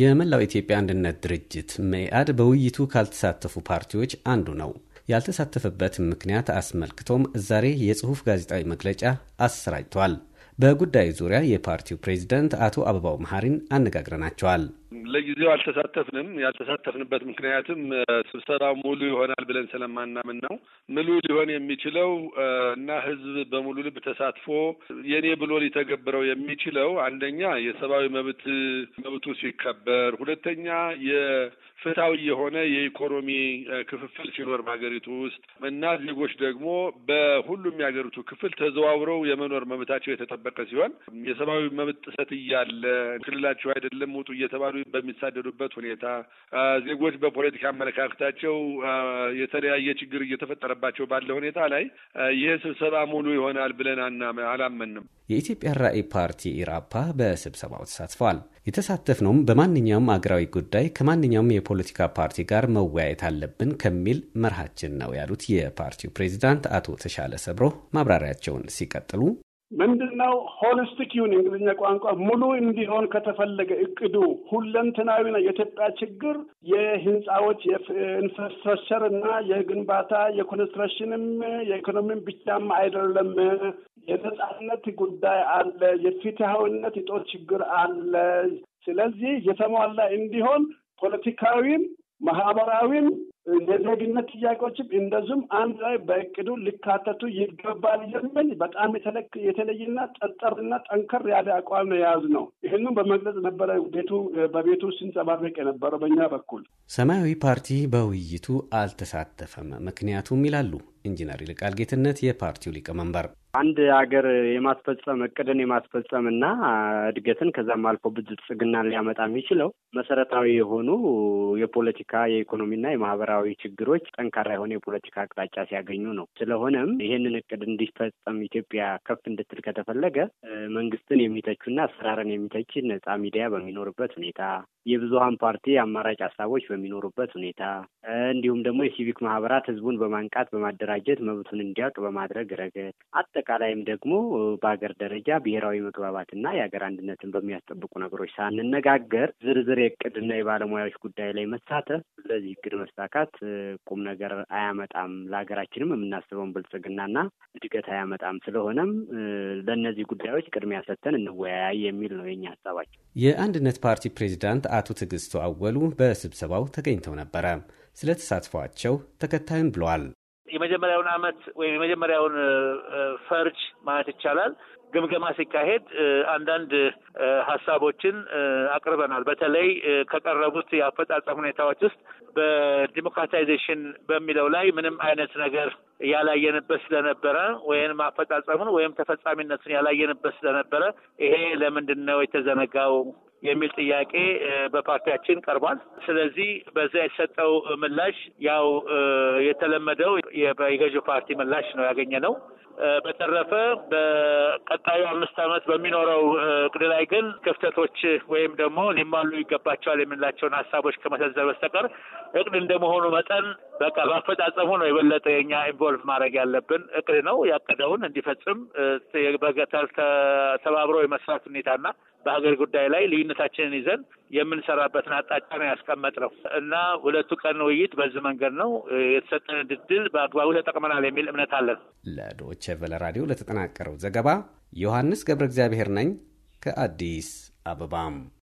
የመላው ኢትዮጵያ አንድነት ድርጅት መኢአድ በውይይቱ ካልተሳተፉ ፓርቲዎች አንዱ ነው። ያልተሳተፈበት ምክንያት አስመልክቶም ዛሬ የጽሑፍ ጋዜጣዊ መግለጫ አሰራጭቷል። በጉዳዩ ዙሪያ የፓርቲው ፕሬዚደንት አቶ አበባው መሀሪን አነጋግረናቸዋል። ለጊዜው አልተሳተፍንም። ያልተሳተፍንበት ምክንያትም ስብሰባው ሙሉ ይሆናል ብለን ስለማናምን ነው። ሙሉ ሊሆን የሚችለው እና ህዝብ በሙሉ ልብ ተሳትፎ የኔ ብሎ ሊተገብረው የሚችለው አንደኛ የሰብአዊ መብት መብቱ ሲከበር፣ ሁለተኛ የፍትሐዊ የሆነ የኢኮኖሚ ክፍፍል ሲኖር በሀገሪቱ ውስጥ እና ዜጎች ደግሞ በሁሉም የሀገሪቱ ክፍል ተዘዋውረው የመኖር መብታቸው የተጠበቀ የተጠበቀ ሲሆን የሰብአዊ መብት ጥሰት እያለ ክልላቸው አይደለም ውጡ እየተባሉ በሚሳደዱበት ሁኔታ ዜጎች በፖለቲካ አመለካከታቸው የተለያየ ችግር እየተፈጠረባቸው ባለ ሁኔታ ላይ ይህ ስብሰባ ሙሉ ይሆናል ብለን አላመንም። የኢትዮጵያ ራዕይ ፓርቲ ኢራፓ በስብሰባው ተሳትፏል። የተሳተፍነውም በማንኛውም አገራዊ ጉዳይ ከማንኛውም የፖለቲካ ፓርቲ ጋር መወያየት አለብን ከሚል መርሃችን ነው ያሉት የፓርቲው ፕሬዚዳንት አቶ ተሻለ ሰብሮ ማብራሪያቸውን ሲቀጥሉ ምንድን ነው ሆሊስቲክ ይሁን የእንግሊዝኛ ቋንቋ ሙሉ እንዲሆን ከተፈለገ እቅዱ ሁለንተናዊ ነው። የኢትዮጵያ ችግር የህንፃዎች የኢንፍራስትራክቸር እና የግንባታ የኮንስትራክሽንም የኢኮኖሚም ብቻም አይደለም። የነጻነት ጉዳይ አለ። የፍትሐዊነት እጦት ችግር አለ። ስለዚህ የተሟላ እንዲሆን ፖለቲካዊም ማህበራዊም የዜግነት ጥያቄዎችም እንደዚሁም አንድ ላይ በእቅዱ ሊካተቱ ይገባል የሚል በጣም የተለየና ጠጠርና ጠንከር ያለ አቋም ነው የያዝ ነው። ይህንም በመግለጽ ነበረ ቤቱ በቤቱ ሲንጸባረቅ የነበረው በእኛ በኩል። ሰማያዊ ፓርቲ በውይይቱ አልተሳተፈም ምክንያቱም ይላሉ ኢንጂነር ይልቃል ጌትነት የፓርቲው ሊቀመንበር አንድ ሀገር የማስፈጸም እቅድን የማስፈጸም እና እድገትን ከዛም አልፎ ብልጽግናን ሊያመጣ የሚችለው መሰረታዊ የሆኑ የፖለቲካ የኢኮኖሚና የማህበራዊ ችግሮች ጠንካራ የሆነ የፖለቲካ አቅጣጫ ሲያገኙ ነው። ስለሆነም ይህንን እቅድ እንዲፈጸም ኢትዮጵያ ከፍ እንድትል ከተፈለገ መንግስትን የሚተቹና አሰራርን የሚተች ነጻ ሚዲያ በሚኖርበት ሁኔታ፣ የብዙሀን ፓርቲ አማራጭ ሀሳቦች በሚኖሩበት ሁኔታ እንዲሁም ደግሞ የሲቪክ ማህበራት ህዝቡን በማንቃት በማደራ መደራጀት መብቱን እንዲያውቅ በማድረግ ረገድ አጠቃላይም ደግሞ በሀገር ደረጃ ብሔራዊ መግባባትና የሀገር አንድነትን በሚያስጠብቁ ነገሮች ሳንነጋገር ዝርዝር የእቅድና የባለሙያዎች ጉዳይ ላይ መሳተፍ ለዚህ እቅድ መሳካት ቁም ነገር አያመጣም፣ ለሀገራችንም የምናስበውን ብልጽግናና እድገት አያመጣም። ስለሆነም ለእነዚህ ጉዳዮች ቅድሚያ ሰጥተን እንወያይ የሚል ነው የኛ ሀሳባቸው። የአንድነት ፓርቲ ፕሬዚዳንት አቶ ትዕግስቱ አወሉ በስብሰባው ተገኝተው ነበረ። ስለ ተሳትፏቸው ተከታዩን ብለዋል። የመጀመሪያውን አመት ወይም የመጀመሪያውን ፈርጅ ማለት ይቻላል ግምገማ ሲካሄድ አንዳንድ ሀሳቦችን አቅርበናል። በተለይ ከቀረቡት የአፈጻጸም ሁኔታዎች ውስጥ በዲሞክራታይዜሽን በሚለው ላይ ምንም አይነት ነገር ያላየንበት ስለነበረ ወይም አፈጻጸሙን ወይም ተፈጻሚነቱን ያላየንበት ስለነበረ ይሄ ለምንድን ነው የተዘነጋው የሚል ጥያቄ በፓርቲያችን ቀርቧል። ስለዚህ በዛ የተሰጠው ምላሽ ያው የተለመደው የገዢ ፓርቲ ምላሽ ነው ያገኘ ነው። በተረፈ በቀጣዩ አምስት ዓመት በሚኖረው እቅድ ላይ ግን ክፍተቶች ወይም ደግሞ ሊሟሉ ይገባቸዋል የምንላቸውን ሀሳቦች ከመሰዘር በስተቀር እቅድ እንደመሆኑ መጠን በቃ በአፈጻጸሙ ነው የበለጠ የኛ ኢንቮልቭ ማድረግ ያለብን። እቅድ ነው ያቀደውን እንዲፈጽም ተባብሮ የመስራት ሁኔታና በሀገር ጉዳይ ላይ ልዩነታችንን ይዘን የምንሰራበትን አቅጣጫ ነው ያስቀመጥነው እና ሁለቱ ቀን ውይይት በዚህ መንገድ ነው የተሰጠን ድድል በአግባቡ ተጠቅመናል የሚል እምነት አለን። ለዶቼ ቨለ ራዲዮ ለተጠናቀረው ዘገባ ዮሐንስ ገብረ እግዚአብሔር ነኝ ከአዲስ አበባም